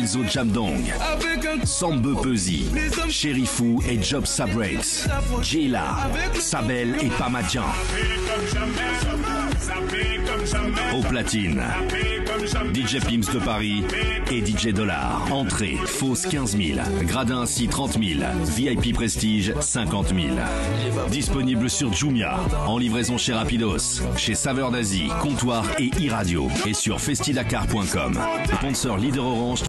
Miles O'Jamdong, Sambe Pesi, Sherifou et Job Sabrates, Jila, Sabel et Pamadjan. DJ Pimps de Paris et DJ Dollar. Entrée, fausse 15 000, gradin assis 30 000, VIP prestige 50 000. Disponible sur Jumia, en livraison chez Rapidos, chez Saveur d'Asie, Comptoir et e et sur festidakar.com. Sponsor leader orange.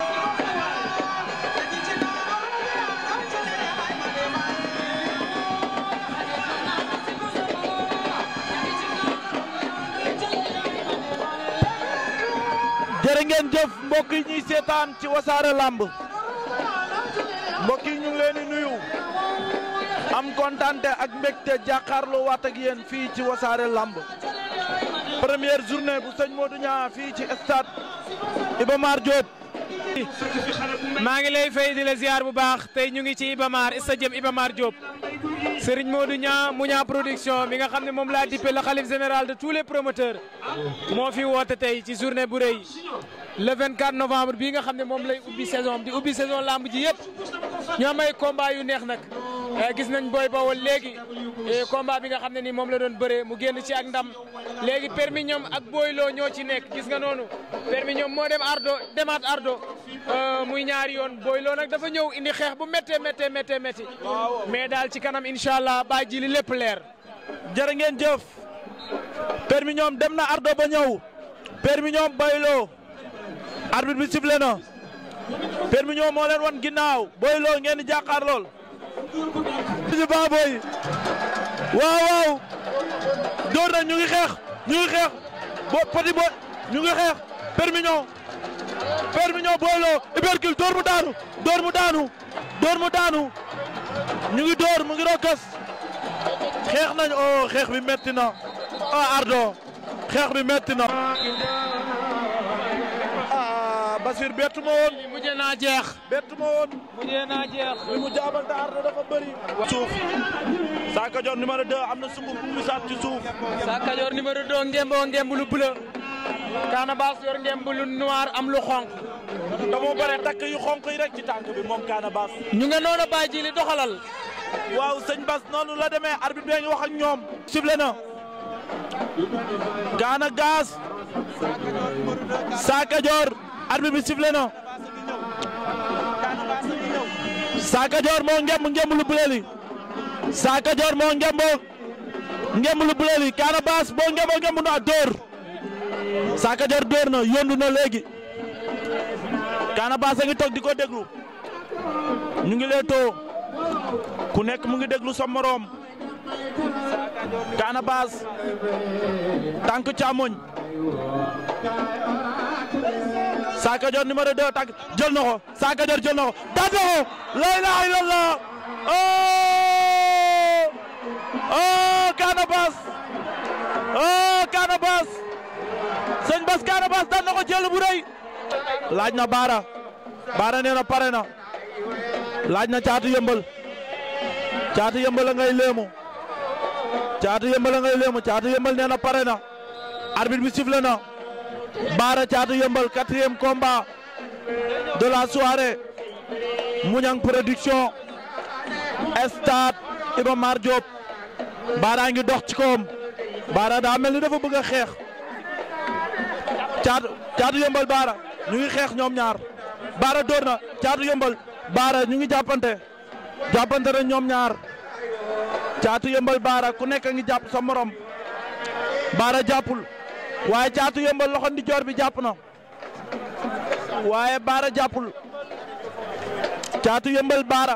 jërë ngeen jëf mbokk yi ñuy seetaan ci wasaare lamb mbokk ñu ngi leen di nuyu am kontaan ak mbégte jàkkaarloo waat ak fii ci wasaare lamb première journée bu sëñ Modou Niang fii ci stade Iba Mar maa ngi lay fay di la bu baax tey ñu ngi ci Iba Mar stade Iba Mar Serigne Modou Niang Mouniang production mi nga xam ne moom laa dippe la xalif général de tous les promoteurs moo fi woote tey ci journée bu rëy le 24 novembre bii nga xam ne moom lay ubbi saison di ubbi saison lamb ji yëpp ñoo am ay combat yu neex nag. Eh, gis nañ Boy Bawol léegi eh, combat bi nga xam ne ni moom la doon bëree mu génn ci ak ndam léegi permis ñoom ak Boy Lo ñoo ci nekk gis nga noonu permis ñoom moo dem ardo demaat ardo eh, muy ñaari yoon Boy Lo nag dafa ñëw indi xeex bu méttee méttee méttee métti mais daal ci kanam incha allah baa ji li lépp leer. jërë ngeen jëf permis ñoom dem na ardo ba ñëw permis ñoom Boy Lo arbitre bi sifflé na ñoom moo leen wan ginnaaw Boy Lo ngeen di jàkkaar lool baaboy waaw waaw door na ñu ngi xeex ñu ngi xeex bo petit bo ñu ngi xeex permignon permignon booloo Ibercule door mu daanu door mu daanu door daanu ñu ngi door mu ngi rokkas xeex nañ o oh, xeex bi mettina na ah, ardo xeex bi metti Basiir bettu ma woon. mujjee naa jeex. bettu ma woon. mujjee naa jeex. li mu jaabal te suuf Sa Kajoor numéro 2 am na sungub bu mu saat ci suuf. Sa Kajoor numéro 2 ngemboo am lu xonq. dama bare takk yu xonq yi rek ci tànk bi moom Kaana Baas. ñu nga noonu bàyyi ji li doxalal. waaw sëñ Bas noonu la demee ar bi ngi wax ak ñoom. sible na. Kaana Gaas. Sa arbitre bi sifflé na Saaka moo ngemb ngemb lu bulee moo ngemboo ngemb lu bulee boo ngemboo ngemb na dóor dóor na yóndu na léegi Kaana Baas a ngi toog di ko déglu ñu ngi leetoo ku nekk mu ngi déglu sa moroom Kaana Baas Sa Cadior numéro 2 tàgg jël na ko Sa Cadior jël na ko na ko la ilaha illallah oh oh Kaana Baas oh Kaana Baas sëñ Baas Kaana Baas daan laaj na Baara Baara nee na pare na laaj na caatu yëmbal caatu yëmbal ngay léemu caatu yëmbal ngay léemu caatu yëmbal nee na pare na arbitre bi sifflé na Bara Thiatou Yeumbeul quatrième combat de la soirée Mouniang production stade Iba Mar Diop Bara ngi dox ci koom Bara daa mel ni defa bëgg xeex caatu Thiatou Yeumbeul Bara ñu ngi xeex ñoom ñaar Bara door caatu Thiatou Yeumbeul Bara ñu ngi jàppante jàppante na ñoom ñaar Thiatou Yeumbeul Bara ku nekk a ngi jàpp sa morom Bara jàppul waaye caatu yëmbal loxo ndi bi jàpp na waaye baara jàppul caatu yëmbal baara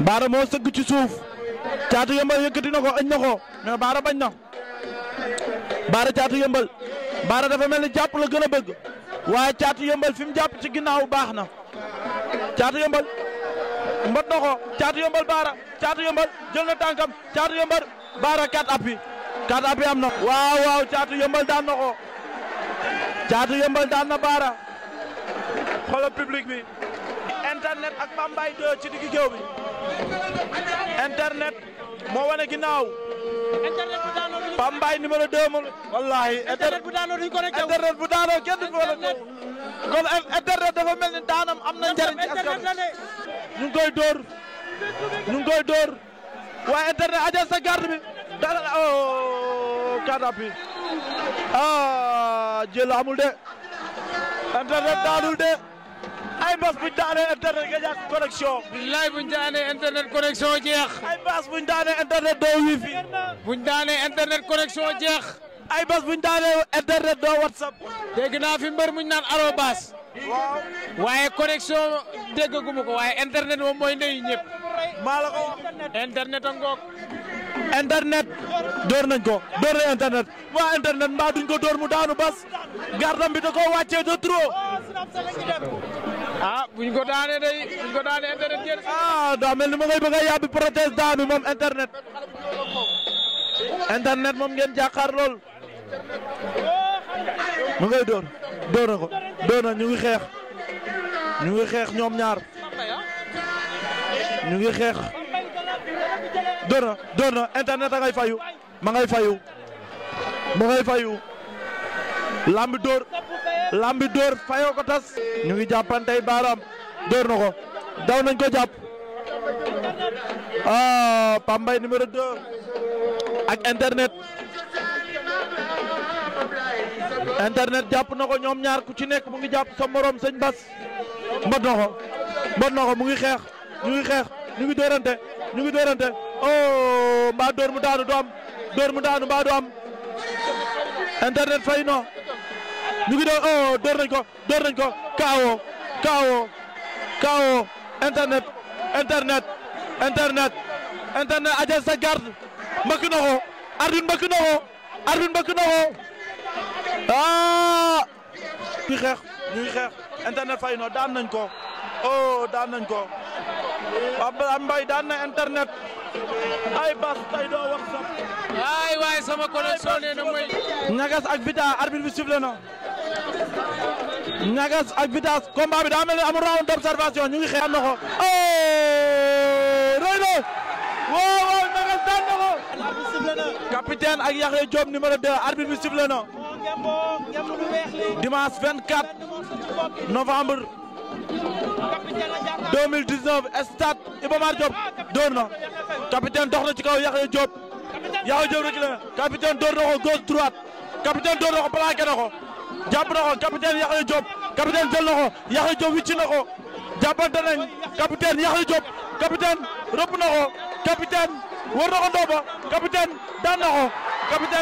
baara moo sëgg ci suuf caatu yëmbal yëkkati ko añ na ko mais baara bañ na baara caatu yëmbal baara dafa mel ni jàpp la gën a bëgg waaye caatu yëmbal fi mu jàpp ci ginnaaw baax na caatu yëmbal mbot na ko caatu yëmbal baara caatu yëmbal jël na tànkam caatu yëmbal baara kat appi quatre appuis am na waaw waaw caatu yëmbal daan na ko caatu yëmbal daan na baara xoolal public bi internet ak Bambay 2 ci digg géew bi internet moo wane ginnaaw internet bu daanoo duñ Bambay numéro 2 internet bu daanoo duñ connecté internet bu internet dafa na njariñ ci askan ñu ngi sa garde bi dara oh carte d'appui ah jël amul de internet daanul de ay mbas buñ daanee internet nga ñàkk connexion billaay buñ daanee internet jeex ay mbas buñ daanee internet doo wifi buñ daanee internet connexion jeex ay bas buñ daanee internet doo whatsapp dégg naa fi mbër muñ naan arobas waaw waaye connexion déggaguma ko waaye internet moom mooy ndeyu ñëpp maa ko internet a ngoog internet door nañ ko door na internet waa internet mbaa duñ ko door mu daanu bas gardam bi da koo wàccee de ah, buñ ko daanee day buñ ko daanee internet ngeen. ah daa mel ni ma ngay bëgg a yàbbi protest daanu moom internet. internet moom ngeen jàkkaar lool. mu ngay door door na ko door na ñu ngi xeex ñu ngi xeex ñoom ñaar ñu ngi xeex. door na door na internet a ngay fayu ma ngay fayu ma ngay fayu lambi door lambi door fayoo ko tas ñu ngi jàppantey baaraam door na ko daw nañ ko jàpp ah Pambay numéro 2 ak internet internet jàpp na ko ñoom ñaar ku ci nekk mu ngi jàpp sa morom sëñ Bas mbot na ko mbot na mu ngi xeex mu ngi xeex ñu ngi dóorante ñu ngi dóorante oh mbaa dóor mu daanu du am dóor mu daanu mbaa du internet fay no ñu ngi doon oh dóor nañ ko dóor nañ ko kaawo kaawo kaawo internet internet internet internet garde mbëkk ko arbitre mbëkk ko arbitre mbëkk na ah! xeex internet fay no daan nañ ko oh daan nañ ko Pape Mbaye daan na internet ay bas tay doo wax ay waay sama connexion nee na mooy. ñagas Vita arbitre bi sifflé na. ñagas ak Vita combat bi daa mel ni amul ñu ngi xeex na ko. rëy na waaw waaw daan na ko. capitaine ak Yaxya Diop numéro 2 arbitre bi sifflé na. dimanche 24 novembre. 2019 stade Iba Mar Diop dóor na capitaine dox na ci kaw Yaxya Diop Yaxya Diop rek la capitaine dóor na ko gauche droite capitaine dóor na ko plaqué na ko jàpp na ko capitaine Yaxya Diop capitaine jël na ko ndooba capitaine daan na ko capitaine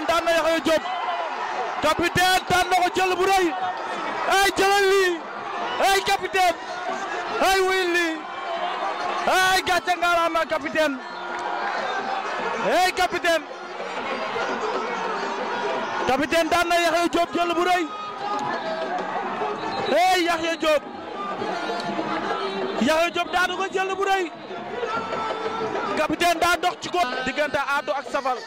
daan na Yaxya jël bu ay jëlal lii ay capitaine ay Willy ay gàcce ngalaama capitaine ay capitaine capitaine daan na Yaxya Diop jël bu rëy ay Yaxya Diop Yaxya Diop daanu ko jël bu rëy capitaine daa dox ci ko diggante ato ak Safal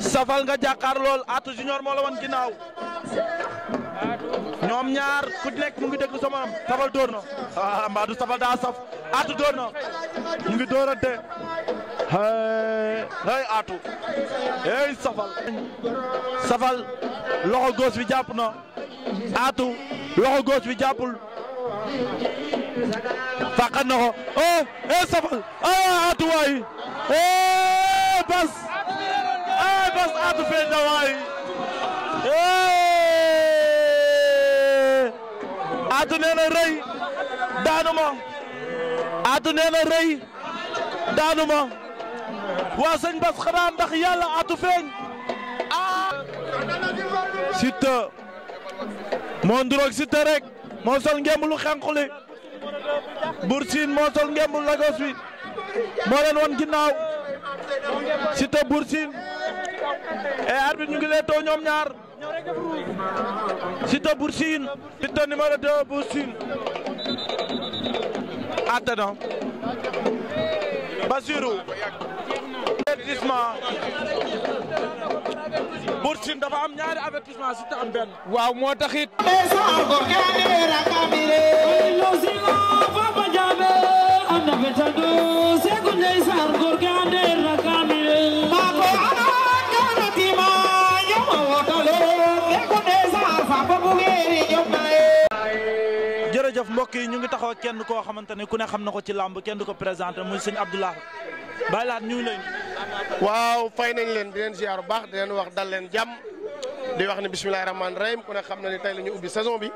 Safal nga jàkkaar lool Aatu Junior moo la woon ginnaaw ñoom ñaar ku nekk mu ngi déglu sa morom tabal door na ah mbaa du tabal daa saf aatu door mu ngi doorante hey hey aatu hey safal safal loxo góos bi jàpp na aatu loxo bi jàppul oh, safal ah aatu waay hey bas ah bas aatu feeñ waay Atou nee na rëy daanu ma Atou nee rëy daanu ma waa sëñ Bas xanaa ndax yàlla Atou feeñ ah. Siteu moo nduroog Siteu rek moo sol ngemb lu xànq li Bour Sine moo sol ngemb Lagos moo leen won ginnaaw Siteu Bour Sine et eh, arbitre ñu ngi lay too ñoom ñaar. Siteu Bour Sine Siteu numéro 2 Bour Sine atte na Basirou avertissement Bour Sine dafa am ñaari avertissement Siteu am benn waaw moo taxit jërëjëf mbokk yi ñu ngi taxaw kenn koo xamante ne ku ne xam na ko ci làmb kenn du ko présenté muy sëñ Abdoulaye Baye Laat ñu ngi lay waaw fay nañ leen di leen ziar bu baax di leen wax dal leen jàmm di wax ne bisimilah rahmaani rahim ku ne xam na ne tey la ñu ubbi saison bi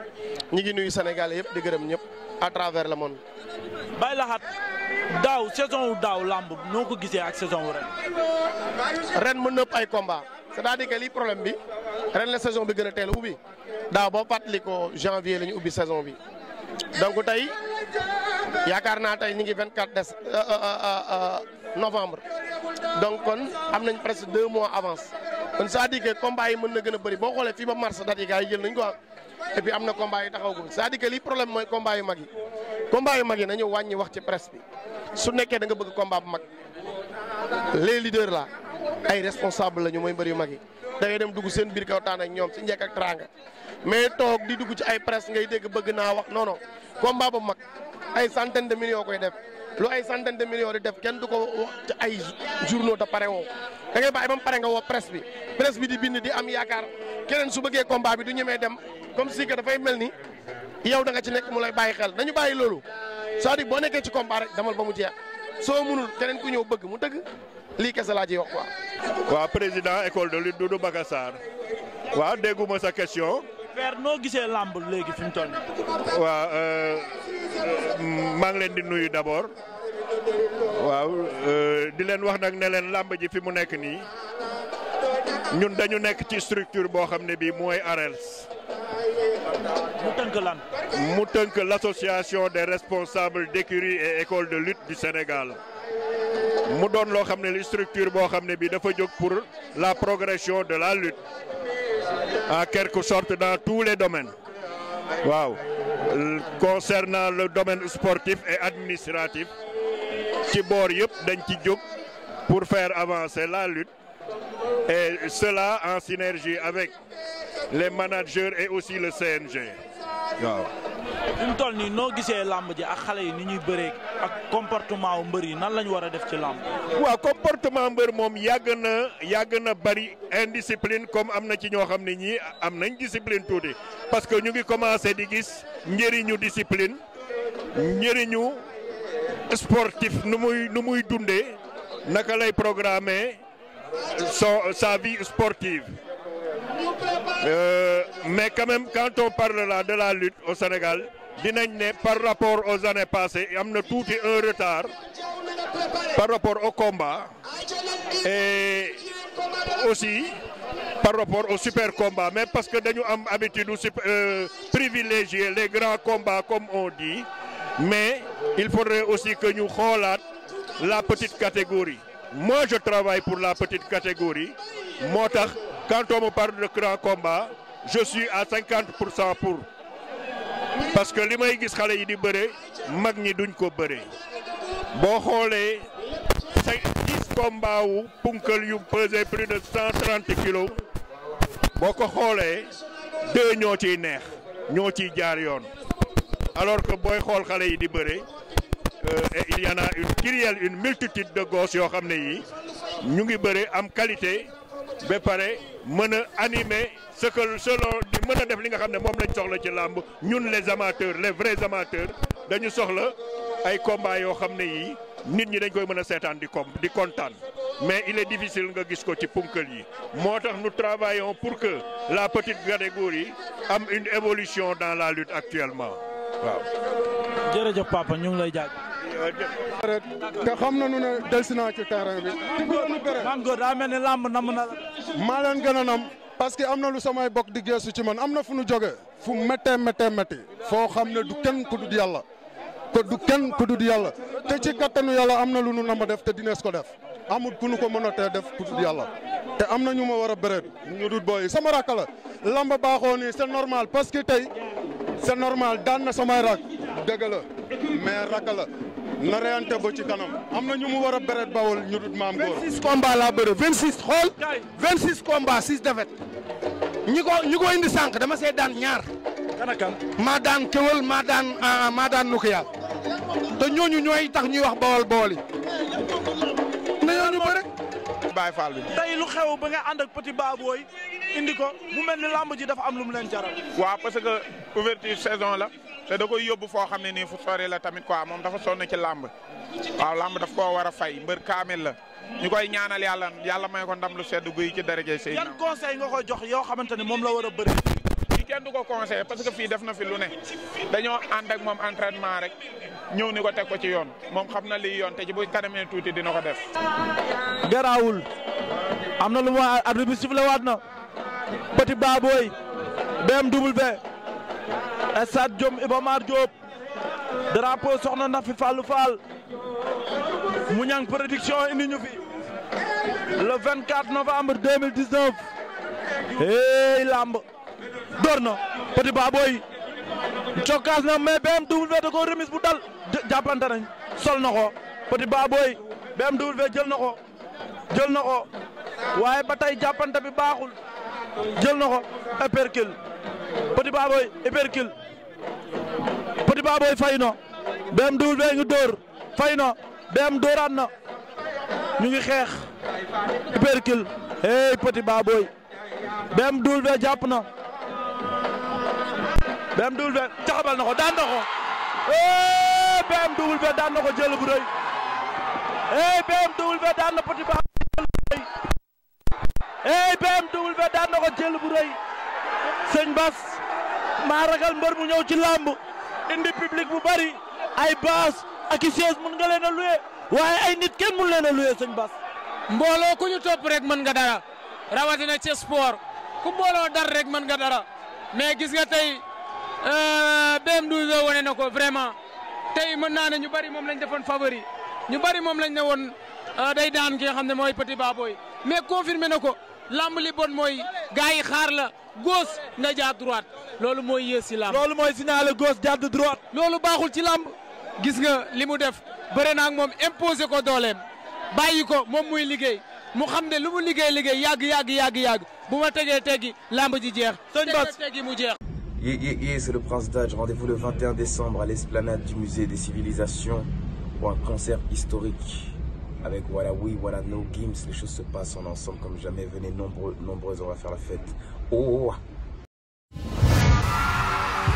ñu ngi nuyu Sénégal yëpp di gërëm ñëpp à travers la monde. Baye Laat daaw saison wu daaw làmb noo ko gisee ak saison wu rek ren mën nëpp ëpp ay combat c'est-à-dire lii problème bi ren la saison bi gën a teel daaw boo fàttali ko janvier ubbi saison bi. donc tey yaakaar naa tey ñu ngi 24 des euh, euh, euh, novembre donc kon am nañ presque deux mois avance kon saa à dire que yi mën na gën a bëri boo xoolee fii ba mars date yi gars yi jël nañ ko ah et am na combat yi taxaw ko c'est-à-dire problème mooy combat yu mag yi combat yu mag yi nañu wàññi wax ci presse bi su nekkee danga bëgg combat bu mag les leaders là ay responsable lañu mooy mbër yu mag yi. dangay dem dugg seen biir kaw taan ak ñoom si njëkk ak teraanga mais toog di dugg ci ay presse ngay dégg bëgg naa wax non komba combat bu mag ay centaine de millions koy def lu ay centaine de millions di def kenn du ko wax ci ay journaux te pare woo dangay ngay ba mu pare nga woo presse bi presse bi di bind di am yaakaar keneen su bëggee combat bi du ñemee dem comme si que dafay mel ni yow da nga ci nekk mu lay bàyyi xel nañu bàyyi loolu cest à boo nekkee ci combat demal ba mu jeex soo mënul keneen ku ñëw bëgg mu dëgg lii kese laa ciy wax quoi. waaw président école de lutte Doudou Baka Sarr waaw dégguma sa question. père noo gisee làmb léegi fi mu toll waaw euh, maa ngi leen di nuyu d'abord waaw euh, di leen wax nag ne leen làmb ji fi mu nekk nii ñun dañu nekk ci structure boo xam ne bii mooy ARELS. mu tënk lan. mu tënk l'association de responsables d'écuries et écoles de lutte du Sénégal. mu doon loo xam ne li structure boo xam ne bii dafa jóg pour la progression de la lutte en quelque sorte dans tous les domaines waaw concernant le domaine sportif et administratif ci boor yëpp dañ ci jóg pour faire avancer la lutte et cela en synergie avec les managers et aussi le CNG waaw. fi mu nii noo gisee làmb ji ak xale yi ni ñuy bëree ak comportement wu mbër yi nan lañu ñu war a def ci làmb. waaw comportement mbër moom yàgg na yàgg na bari indiscipline comme am na ci ñoo xam ne ñii am nañ discipline tuuti parce que ñu ngi commencé di gis njëriñu discipline njëriñu sportif nu muy nu muy dundee naka lay programmer son sa vie Euh, mais quand même quand on parle là de la lutte au Sénégal dinañ ne par rapport aux années passées am na tuuti un retard par rapport au combat et aussi par rapport au super combat mais parce que dañu am habitude u euh, privilégier les grands combats comme on dit mais il faudrait aussi que ñu xoolaat la petite catégorie moi je travaille pour la petite catégorie moo tax Quand on me parle de grand combat, je suis à 50% pour. Parce que li may gis xale yi di bëre mag ñi duñ ko bëre boo xoolee cinq wu punkal yu pesé plus de 130 kilos boo ko xoolee deux ñoo ciy neex ñoo ciy jaar yoon alors que booy xool xale yi di bëre euh, il y en a une kyrielle une multitude de gosses yoo xam ne yi ñu ngi bëre am qualité ba pare mën a animer ce que selon di mën a def li nga xam ne moom lañ soxla ci làmb ñun les amateurs les vrais amateurs dañu soxla ay combat yoo xam ne yii nit ñi dañ koy mën a seetaan di di kontaan mais il est difficile nga gis ko ci punkal yi moo tax nous travaillons pour que la petite catégorie am une évolution dans la lutte actuellement waaw. jërëjëf papa ñu ngi lay jaajëf te xam na nañu ne delsi naa ci terrain bi. maam góor daa mel ni làmb na la. maa leen gën a parce que am na lu samay bokk di geesu ci man am na fu nu jóge fu méttee méttee métti foo xam ne du kenn ku dul yàlla te du kenn ku du yàlla te ci kattanu yàlla am na lu nu nam def te dinees ko def amul ku nu ko mën a def ku dul yàlla te am na ñu ma war a bëreet ñu dul booy sama rakk la làmb baaxoo nii c'est normal parce que tey c'est normal daan na samay rakk dëgg la mais la na reyante ba ci kanam am na ñu mu war a beret bawol ñu dut maam góor 26 combats laa bëre 26 xool 26 combats 6 défaites ñi ko ñi ko indi sànq dama see daan ñaar kan ak kan maa daan kéwal maa daan ah, ah, maa daan nukiyaal te ñooñu ñooy tax ñuy wax bawol bawol yi nañoo ñu bëre Baye bi tey lu xew ba nga ànd ak petit babooy indi ko mu mel ni làmb ji dafa am lu mu leen jaral waa parce que ouverture saison la te da koy yóbbu foo xam ne nii fu sore la tamit quoi moom dafa sonn ci làmb waaw làmb daf koo war a mbër kaamil la ñu koy ñaanal yàlla yàlla may ko ndam lu sedd guy ci daraje sëy yan conseil nga koy jox yoo xamante moom la war a fii kenn du ko conseillé parce que fii def na fi lu ne dañoo ànd ak moom entraînement rek ñëw ni ko teg ko ci yoon moom xam na liy yoon te ci bu kanamee tuuti dina ko def garaawul am na lu mu arbitre bi sifflé waat na stade Diom Iba Mar Diop drapeau soxna Nafi Fallou Fall Mouniang production indi ñu fi le 24 novembre 2019 hey lamb door na Petit Baboy cokkaas na mais BMW da ko remise bu dal jàppante nañ sol na ko Petit Baboy BMW jël na ko jël na ko waaye ba tey jàppante bi baaxul jël na ko épercule Petit Baboy Petit Baboy fay na BM Double Vé ngi dóor fay na BM dóoraat na ñu ngi xeex hypercule hey Petit Baboy BM Double Vé jàpp na BM Double Vé taxabal na ko daan na ko hey BM Double Vé daan na ko jël bu rëy hey BM Double Vé daan na Bas. maa ragal mbër mu ñëw ci làmb indi public bu bari ay baas ak i chaise mën nga leen a loué waaye ay nit kenn mën leen a loué sëñ Bas. mbooloo ku ñu topp rek mën nga dara rawatina na sport ku mbooloo dar rek mën nga dara mais gis nga tey euh, BMW wane na ko vraiment tey mën naa ne ñu bari moom lañ defoon favori ñu bari moom lañ ne woon euh, day daan ki nga xam ne mooy petit baboy mais confirmé na ko. làmb li bon mooy gars yi xaar la gauche nga jaar droite loolu mooy yées si lamb. loolu mooy signaler gauche jaar de droite. loolu baaxul ci lamb gis nga li mu def bëre naa ak moom imposer ko dooleem bàyyi ko moom muy liggéey mu xam ne lu mu liggéey liggéey yàgg yàgg yàgg yàgg bu ma tegee teggi lamb ji jeex. sëñ Bass teggi mu jeex. yé yé yé c'est le Prince d'Adj rendez-vous le 21 décembre à l'esplanade du musée des civilisations pour un concert historique. la fête. Oh, oh, oh.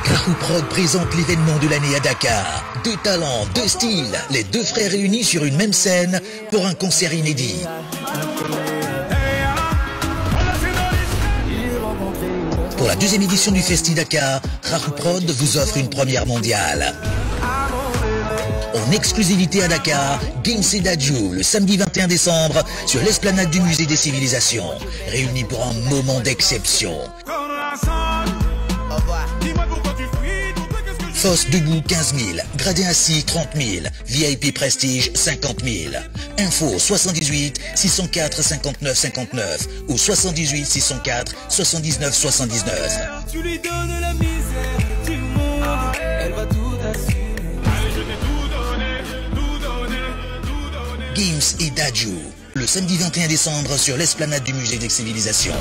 Rahou Prod présente l'événement de l'année à Dakar. Deux talents, deux styles, les deux frères réunis sur une même scène pour un concert inédit. Pour la deuxième édition du Festi Dakar, Rahou vous offre une première mondiale. en exclusivité à Dakar, Gims Dadju le samedi 21 décembre sur l'esplanade du musée des civilisations, réunis pour un moment d'exception. Fosse debout 15 000, gradé assis 30 000, VIP prestige 50 000. Info 78 604 59 59 ou 78 604 79 79. Tu lui donnes la mine. Gims et Dadju, le samedi 21 décembre sur l'esplanade du Musée des Civilisations.